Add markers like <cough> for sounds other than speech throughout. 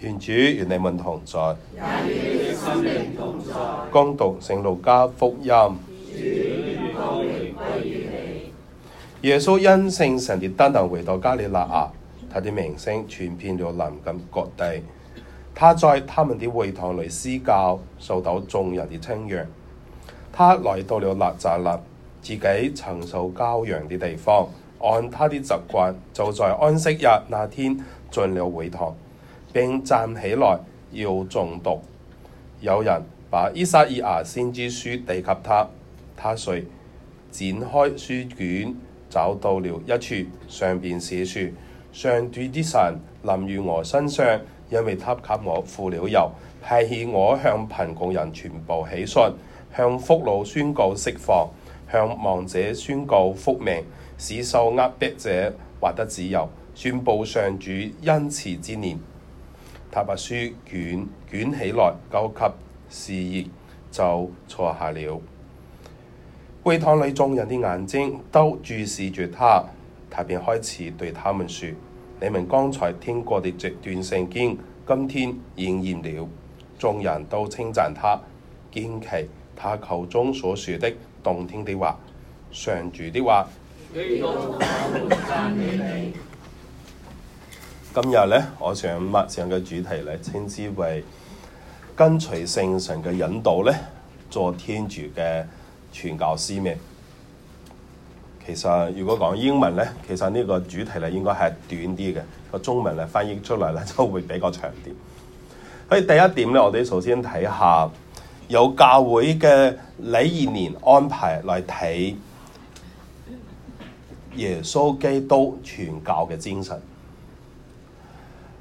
願主與你們同在。恭讀聖路加福音，耶穌因聖神的德能回到加里肋亞，他的名聲傳遍了臨近各地。他在他們的會堂裏施教，受到眾人的稱揚。他來到了納匝肋，自己曾受教養的地方，按他的習慣，就在安息日那天進了會堂。並站起來要誦讀。有人把《依撒意亞先知書》遞給他，他遂展開書卷，找到了一處上面寫説：上主之神臨於我身上，因為他給我傅了油，派遣我向貧窮人傳報喜訊，向俘虜宣告釋放，向盲者宣告復明，使受壓迫者獲得自由，宣佈上主恩慈之年。他把書卷捲起來，交給侍役就坐下了。會堂裏眾人的眼睛都注視着他，他便開始對他們說：“你們剛才聽過的這段聖經，今天應驗了。眾人都稱讚他，驚奇他口中所說的動聽的話，常住的話。道” <coughs> 今日咧，我想默上嘅主題咧，稱之為跟隨聖神嘅引導咧，做天主嘅傳教師咩？其實如果講英文咧，其實呢個主題咧應該係短啲嘅，個中文嚟翻譯出嚟咧就會比較長啲。所以第一點咧，我哋首先睇下由教會嘅禮儀年安排嚟睇耶穌基督傳教嘅精神。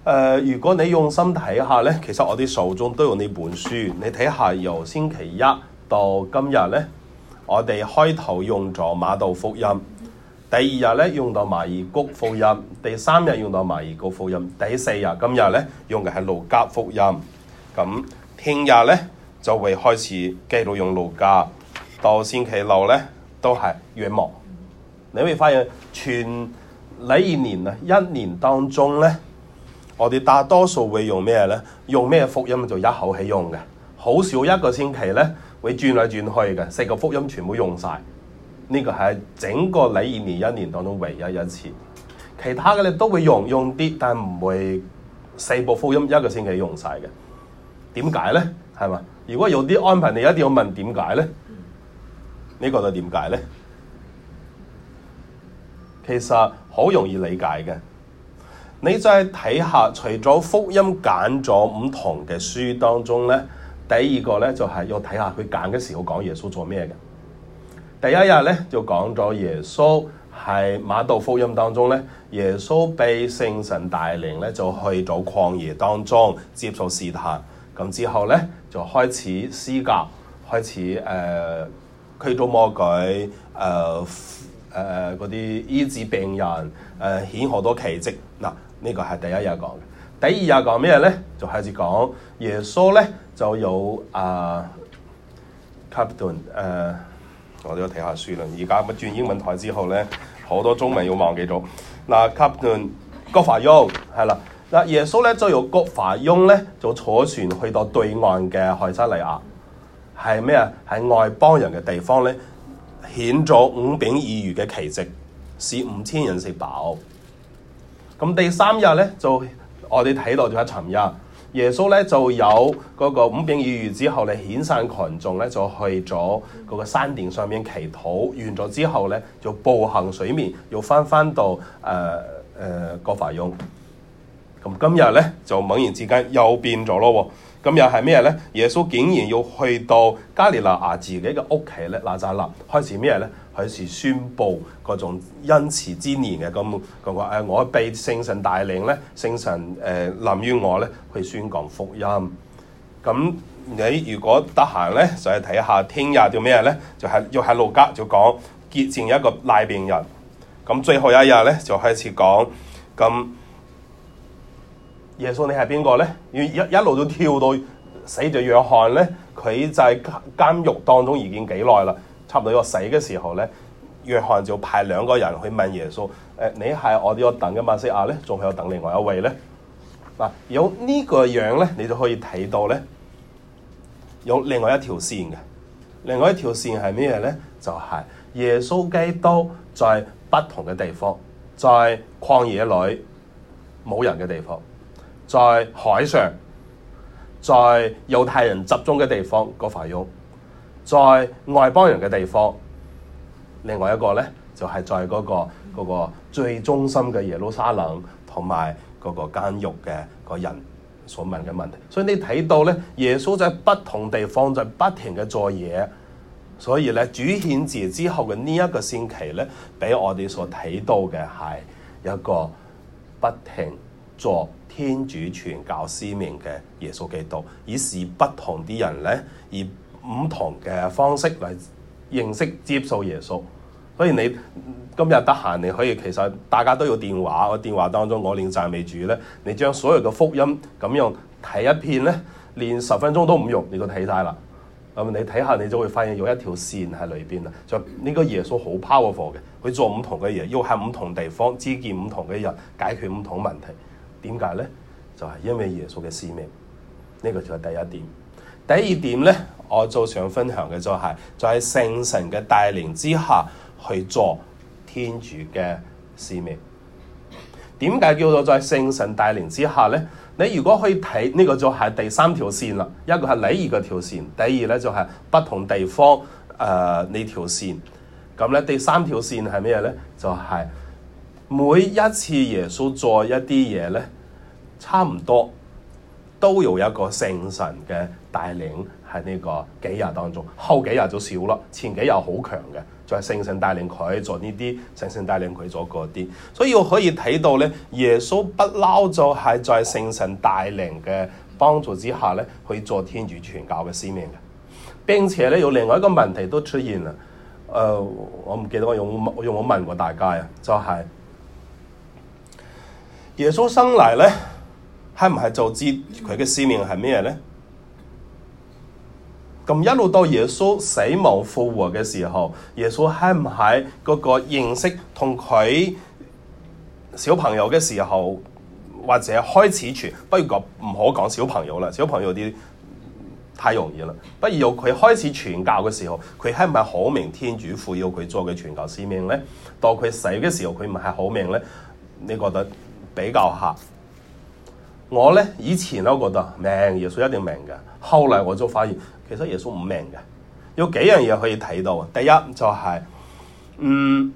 呃、如果你用心睇下呢，其實我哋手中都有呢本書。你睇下由星期一到今日呢，我哋開頭用咗瑪竇福音，第二日呢，用到馬爾谷福音，第三日用到馬爾谷福音，第四日今日呢，用嘅係路加福音。咁聽日呢，就會開始繼續用路加，到星期六呢，都係月末。你會發現全禮儀年啊，一年當中呢。我哋大多數會用咩咧？用咩福音就一口氣用嘅，好少一個星期咧會轉來轉去嘅，四個福音全部用晒，呢個係整個禮儀年一年當中唯一一次，其他嘅咧都會用用啲，但唔會四部福音一個星期用晒嘅。點解咧？係嘛？如果有啲安排，你一定要問點解咧？你覺得，呢個就點解咧？其實好容易理解嘅。你再睇下，除咗福音揀咗唔同嘅書當中咧，第二個咧就係、是、要睇下佢揀嘅時候講耶穌做咩嘅。第一日咧就講咗耶穌喺馬道福音當中咧，耶穌被聖神帶領咧就去到曠野當中接受試探，咁之後咧就開始施教，開始誒、呃、驅逐魔鬼，誒誒嗰啲醫治病人，誒、呃、顯好多奇蹟嗱。呢個係第一日講嘅，第二日講咩咧？就開始講耶穌咧，就有啊 Captain 我都要睇下書啦。而家咁轉英文台之後咧，好多中文要忘記咗。嗱 Captain 葛法翁係啦，嗱、啊、耶穌咧就由葛法翁咧就坐船去到對岸嘅海西利亞，係咩啊？係外邦人嘅地方咧，顯咗五餅二魚嘅奇蹟，使五千人食飽。咁第三日咧就我哋睇到咗喺尋日，耶穌咧就有嗰個五餅二魚之後咧，遣散群眾咧，就去咗嗰個山頂上面祈禱，完咗之後咧就步行水面，又翻翻到誒誒葛法翁。咁今日咧就猛然之間又變咗咯喎！今日係咩咧？耶穌竟然要去到加里肋亞自己嘅屋企咧，納匝肋開始咩咧？開始宣布嗰種恩慈之年嘅，咁佢話：誒，我被聖神帶領咧，聖神誒臨於我咧，去宣講福音。咁你如果得閒咧，就去睇下。聽日做咩咧？就係喺路加就講潔淨一個癩病人。咁最後一日咧，就開始講。咁耶穌你係邊個咧？一一路都跳到死咗約翰咧，佢就係監獄當中已經幾耐啦。差唔多要死嘅時候咧，約翰就派兩個人去問耶穌：誒，你係我哋要等嘅馬西亞咧，仲係要等另外一位咧？嗱、啊，有呢個樣咧，你就可以睇到咧，有另外一條線嘅。另外一條線係咩嘢咧？就係、是、耶穌基督在不同嘅地方，在曠野裏冇人嘅地方，在海上，在猶太人集中嘅地方嗰塊肉。在外邦人嘅地方，另外一個咧就係、是、在嗰、那個嗰、那個最中心嘅耶路撒冷同埋嗰個監獄嘅個人所問嘅問題。所以你睇到咧，耶穌在不同地方在、就是、不停嘅做嘢，所以咧主顯節之後嘅呢一個星期咧，俾我哋所睇到嘅係一個不停做天主傳教使命嘅耶穌基督，以示不同啲人咧而。唔同嘅方式嚟認識接受耶穌，所以你今日得閒，你可以其實大家都有電話，我電話當中我連讚美主咧，你將所有嘅福音咁樣睇一遍咧，連十分鐘都唔用，你都睇晒啦。咁、嗯、你睇下，你就會發現有一條線喺裏邊啦。就呢、是、個耶穌好 powerful 嘅，佢做唔同嘅嘢，要喺唔同地方接見唔同嘅人，解決唔同問題。點解咧？就係、是、因為耶穌嘅使命。呢、這個就係第一點。第二點咧，我就想分享嘅就係，在聖神嘅帶領之下去做天主嘅使命。點解叫做在聖神帶領之下咧？你如果可以睇呢、呢個就係第三條線啦，一個係禮儀嗰條線，第二咧就係不同地方誒呢條線。咁、嗯、咧第三條線係咩咧？就係、是、每一次耶穌做一啲嘢咧，差唔多，都有一個聖神嘅帶領喺呢個幾日當中，後幾日就少咯，前幾日好強嘅，就係聖神帶領佢做呢啲，聖神帶領佢做嗰啲，所以我可以睇到咧，耶穌不嬲就係在聖神帶領嘅幫助之下咧，去做天主全教嘅使命嘅。並且咧有另外一個問題都出現啦，誒、呃，我唔記得我有冇我有冇問過大家呀，就係耶穌生嚟咧。係唔係就知佢嘅使命係咩咧？咁一路到耶穌死亡復活嘅時候，耶穌係唔係嗰個認識同佢小朋友嘅時候，或者開始傳，不如講唔好講小朋友啦，小朋友啲太容易啦。不如佢開始傳教嘅時候，佢係唔係好明天主父要佢做嘅傳教使命咧？當佢死嘅時候，佢唔係好明咧？你覺得比較合？我咧以前都覺得明，耶穌一定明嘅，後嚟我就發現其實耶穌唔明嘅。有幾樣嘢可以睇到，第一就係、是、嗯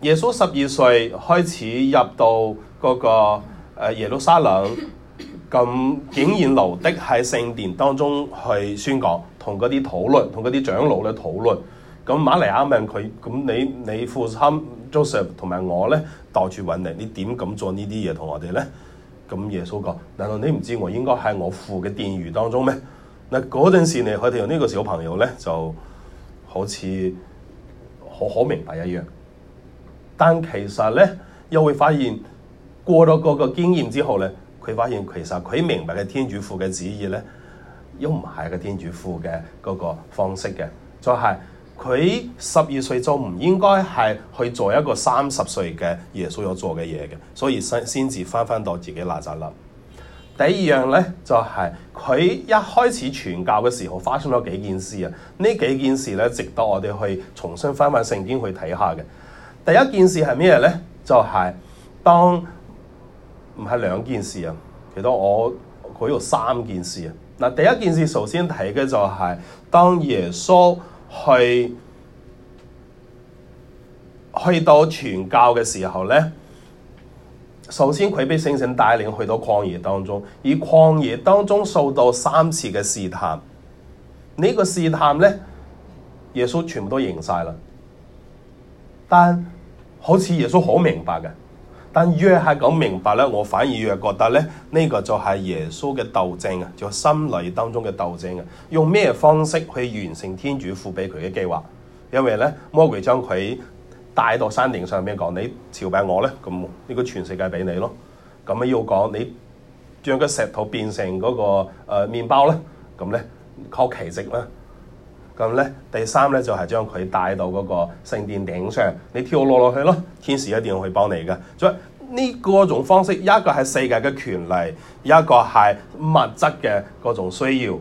耶穌十二歲開始入到嗰個耶路撒冷，咁竟然留的喺聖殿當中去宣講，同嗰啲討論，同嗰啲長老咧討論。咁瑪利亞問佢，咁你你父親？Joseph 同埋我咧，到處揾你，你點敢做呢啲嘢同我哋咧？咁耶穌講：難道你唔知我應該喺我父嘅殿宇當中咩？嗱，嗰陣時咧，佢哋呢個小朋友咧，就好似好好明白一樣。但其實咧，又會發現過咗嗰個經驗之後咧，佢發現其實佢明白嘅天主父嘅旨意咧，又唔係個天主父嘅嗰個方式嘅，就係、是。佢十二歲就唔應該係去做一個三十歲嘅耶穌要做嘅嘢嘅，所以先至翻翻到自己喇。咋喇。第二樣咧，就係、是、佢一開始傳教嘅時候發生咗幾件事啊。呢幾件事咧，值得我哋去重新翻翻聖經去睇下嘅。第一件事係咩咧？就係、是、當唔係兩件事啊，其實我佢有三件事啊。嗱，第一件事首先睇嘅就係、是、當耶穌。去去到傳教嘅時候咧，首先佢畀聖神帶領去到曠野當中，而曠野當中受到三次嘅試探，呢、這個試探咧，耶穌全部都應晒啦，但好似耶穌好明白嘅。但越係咁明白咧，我反而越覺得咧，呢、這個就係耶穌嘅鬥爭，啊，就係、心理當中嘅鬥爭。啊，用咩方式去完成天主賦俾佢嘅計劃？因為咧，魔鬼將佢帶到山頂上邊講：你朝拜我咧，咁、這、呢個全世界畀你咯。咁要講你將個石頭變成嗰、那個誒麵、呃、包咧，咁咧靠奇蹟啦。」咁咧，第三咧就係將佢帶到嗰個聖殿頂上，你跳落落去咯，天使一定要去幫你嘅。就係呢個種方式，一個係世界嘅權力，一個係物質嘅嗰種需要，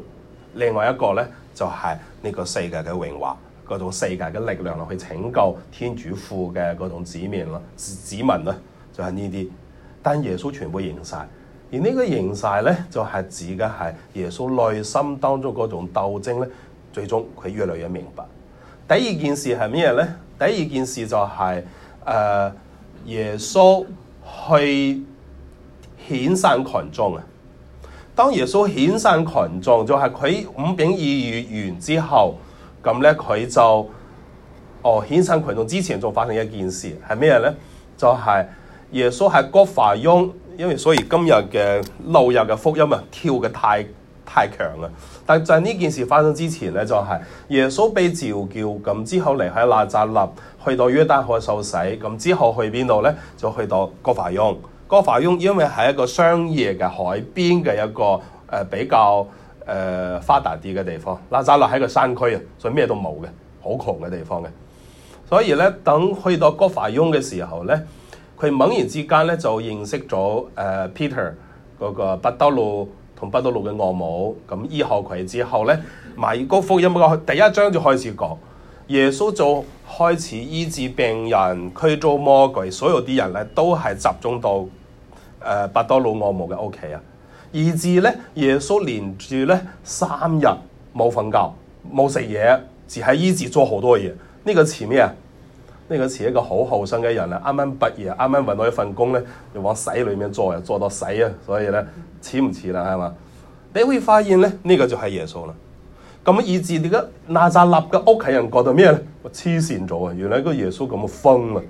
另外一個咧就係呢個世界嘅榮華嗰種世界嘅力量落去拯救天主父嘅嗰種子民咯，子民啊，就係呢啲。但耶穌全部認晒，而呢個認晒咧就係指嘅係耶穌內心當中嗰種鬥爭咧。最終佢越嚟越明白。第二件事係咩咧？第二件事就係、是、誒、呃，耶穌去遣散群眾啊。當耶穌遣散群眾，就係、是、佢五餅二魚完之後，咁咧佢就哦遣散群眾之前，仲發生一件事係咩咧？就係、是、耶穌係葛法翁，因為所以今日嘅六日嘅路日嘅福音啊，跳嘅太。太強啦！但係在呢件事發生之前咧，就係、是、耶穌被召叫咁之後，嚟喺納匝肋，去到約旦海受洗。咁之後去邊度咧？就去到葛法翁。葛法翁因為係一個商業嘅海邊嘅一個誒、呃、比較誒、呃、發達啲嘅地方。納匝肋係個山區啊，所以咩都冇嘅，好窮嘅地方嘅。所以咧，等去到葛法翁嘅時候咧，佢猛然之間咧就認識咗誒、呃、Peter 嗰、那個伯多祿。同伯多祿嘅岳母，咁醫好佢之後咧，馬爾谷福音嘅第一章就開始講，耶穌就開始醫治病人、驅逐魔鬼，所有啲人咧都係集中到誒伯多祿岳母嘅屋企啊，以致咧耶穌連住咧三日冇瞓覺、冇食嘢，只係醫治咗好多嘢。呢、這個前咩啊？呢個似一個好後生嘅人啊，啱啱畢業，啱啱揾到一份工咧，就往死裏面做啊，做到死啊！所以咧似唔似啦，係嘛？你會發現咧，呢個就係耶穌啦。咁以至呢個拿扎勒嘅屋企人覺得咩咧？我黐線咗啊！原來個耶穌咁嘅瘋啊！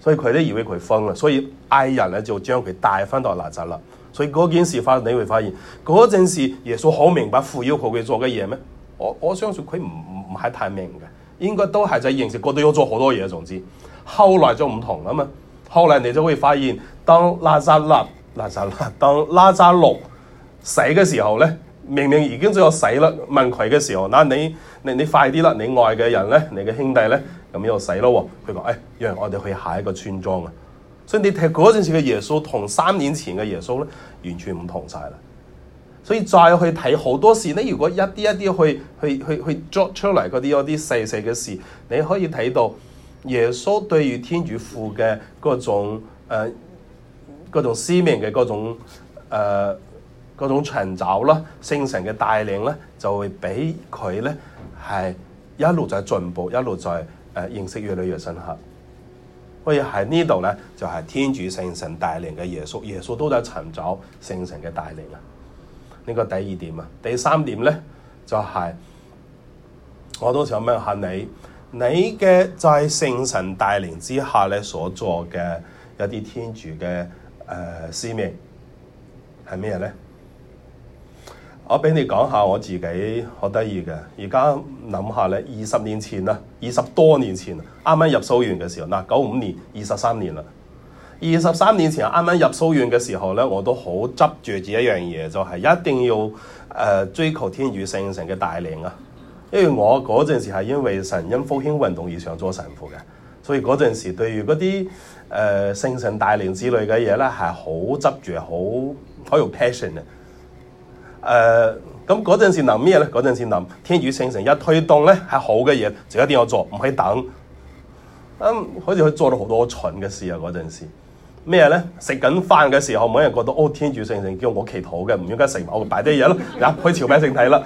所以佢咧以為佢瘋啊，所以嗌人咧就將佢帶翻到拿扎勒。所以嗰件事發生，你會發現嗰陣時耶穌好明白父要佢做嘅嘢咩？我我相信佢唔唔係太明嘅。應該都係在認識過都要做好多嘢，總之，後來就唔同啦嘛。後來你就會發現，當拉扎勒、拉扎勒、當拉匝祿死嘅時候咧，明明已經在要死啦，問佢嘅時候，嗱你你你快啲啦，你愛嘅人咧，你嘅兄弟咧，咁又死咯、哦。佢講，誒、哎，因為我哋去下一個村莊啊。所以你睇嗰陣時嘅耶穌同三年前嘅耶穌咧，完全唔同晒啦。所以再去睇好多事咧，如果一啲一啲去去去去捉出嚟嗰啲嗰啲細細嘅事，你可以睇到耶穌對於天主父嘅嗰種誒嗰、呃、種使命嘅嗰種誒嗰、呃、種尋找啦，聖神嘅帶領咧就會俾佢咧係一路在進步，一路在誒、呃、認識越嚟越深刻。所以喺呢度咧就係、是，天主聖神帶領嘅耶穌，耶穌都在尋找聖神嘅帶領啊！呢個第二點啊，第三點呢，就係、是，我都想問下你，你嘅在係聖神帶領之下呢，所做嘅一啲天主嘅誒、呃、使命係咩呢？我畀你講下我自己好得意嘅，而家諗下呢，二十年前啊，二十多年前，啱啱入修院嘅時候，嗱九五年，二十三年啦。二十三年前啱啱入修院嘅時候咧，我都好執住住一樣嘢，就係、是、一定要誒、呃、追求天主聖神嘅帶領啊！因為我嗰陣時係因為神恩復興運動而想做神父嘅，所以嗰陣時對於嗰啲誒聖神帶領之類嘅嘢咧，係好執住，好有 passion 嘅。誒咁嗰陣時諗咩咧？嗰陣時諗天主聖神一推動咧係好嘅嘢，就一定要做，唔可以等。咁、嗯、好似佢做咗好多蠢嘅事啊！嗰陣時。咩咧？食緊飯嘅時候，冇人覺得哦，天主聖聖叫我祈禱嘅，唔應該食飯，我擺啲嘢咯。嗱， <laughs> 去朝拜聖體啦。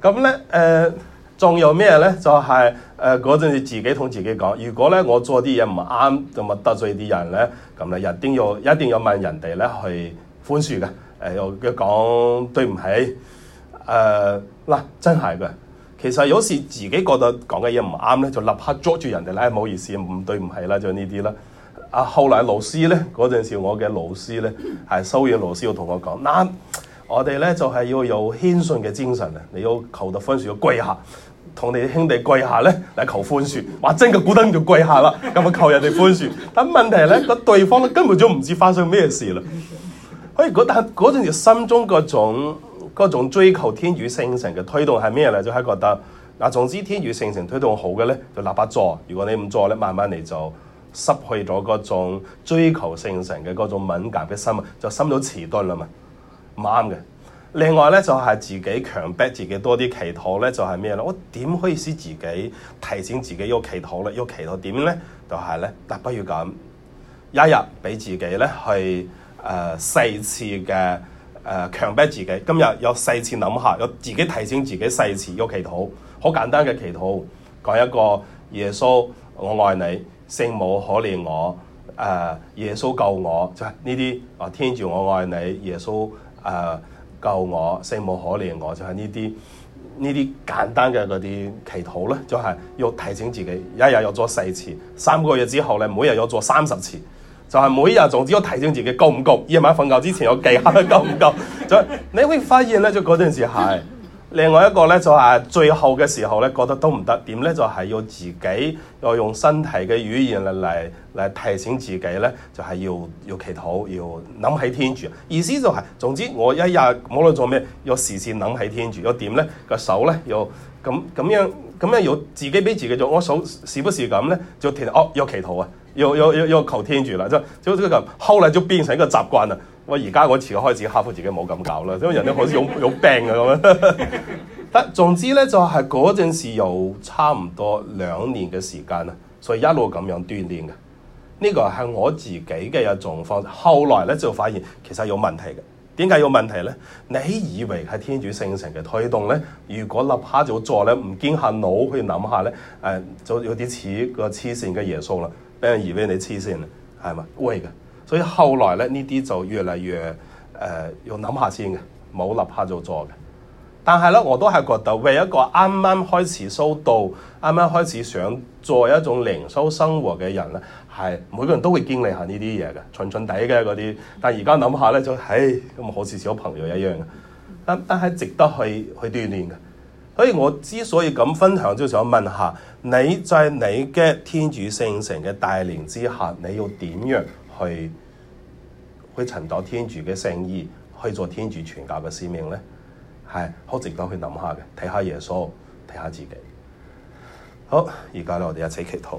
咁、嗯、咧，誒、呃，仲有咩咧？就係誒嗰陣時自己同自己講，如果咧我做啲嘢唔啱，就冇得罪啲人咧，咁咧一定要一定要問人哋咧去寬恕嘅。誒又講對唔起。誒、呃、嗱、啊，真係嘅。其實有時自己覺得講嘅嘢唔啱咧，就立刻捉住人哋咧，唔、哎、好意思，唔對唔起啦，就呢啲啦。啊，後嚟老師咧，嗰陣時我嘅老師咧，係修院老師，要同我講：嗱，我哋咧就係、是、要有謙遜嘅精神啊！你要求到寬恕，要跪下，同你兄弟跪下咧嚟求寬恕。話真嘅，古登就跪下啦，咁啊求人哋寬恕。但問題咧，個對方咧根本就唔知發生咩事啦。所以嗰但嗰陣時心中嗰種嗰種追求天主聖神嘅推動係咩咧？就係、是、覺得，嗱，總之天主聖神推動好嘅咧，就立把做；如果你唔做咧，慢慢嚟就。失去咗嗰種追求聖神嘅嗰種敏感嘅心啊，就心到遲鈍啦嘛，唔啱嘅。另外咧就係、是、自己強迫自己多啲祈禱咧，就係咩咧？我點可以使自己提醒自己要祈禱咧？要祈禱點咧？就係、是、咧，但不如咁，一日俾自己咧去誒四、呃、次嘅誒強迫自己，今日有四次諗下，有自己提醒自己四次要祈禱，好簡單嘅祈禱，講一個耶穌，我愛你。聖母可憐我，誒、呃，耶穌救我，就係呢啲，哦，天主我愛你，耶穌誒、呃、救我，聖母可憐我，就係呢啲，呢啲簡單嘅嗰啲祈禱咧，就係、是、要提醒自己，一日要做四次，三個月之後咧，每日要做三十次，就係、是、每日總之要提醒自己夠唔夠，夜晚瞓覺之前又記下咧夠唔夠，就是、你會發現咧，就嗰陣時係。 <laughs> 另外一個咧就係最後嘅時候咧，覺得都唔得點咧，就係、是、要自己要用身體嘅語言嚟嚟嚟提醒自己咧，就係要要祈禱，要諗起天主。意思就係、是，總之我一日無論做咩，要時時諗起天主。要點咧？個手咧，要咁咁樣咁樣，要自己畀自己做。我手時不時咁咧，就停哦，要祈禱啊，要要要要求天主啦，就就呢個，後來就變成一個習慣啦。我而家嗰次開始克服自己冇咁搞啦，因為人都好似有有病嘅咁樣呵呵。但總之咧，就係嗰陣時有差唔多兩年嘅時間啦，所以一路咁樣鍛鍊嘅。呢個係我自己嘅一種方式。後來咧就發現其實有問題嘅。點解有問題咧？你以為係天主聖城嘅推動咧？如果立下就座咧，唔經下腦去諗下咧，誒、呃，就有啲似個黐線嘅耶穌啦，俾人以為你黐線啊，係嘛？會嘅。所以後來咧，呢啲就越嚟越誒、呃、要諗下先嘅，冇立下就做嘅。但係咧，我都係覺得為一個啱啱開始收到、啱啱開始想做一種靈修生活嘅人咧，係每個人都會經歷下、下呢啲嘢嘅，蠢蠢哋嘅嗰啲。但而家諗下咧，就唉咁、哎、好似小朋友一樣嘅。咁但係值得去去鍛鍊嘅。所以我之所以咁分享，就想問下你在你嘅天主聖城嘅帶領之下，你要點樣去？去尋找天主嘅聖意，去做天主全教嘅使命咧，係好值得去諗下嘅，睇下耶穌，睇下自己。好，而家咧我哋一齊祈禱。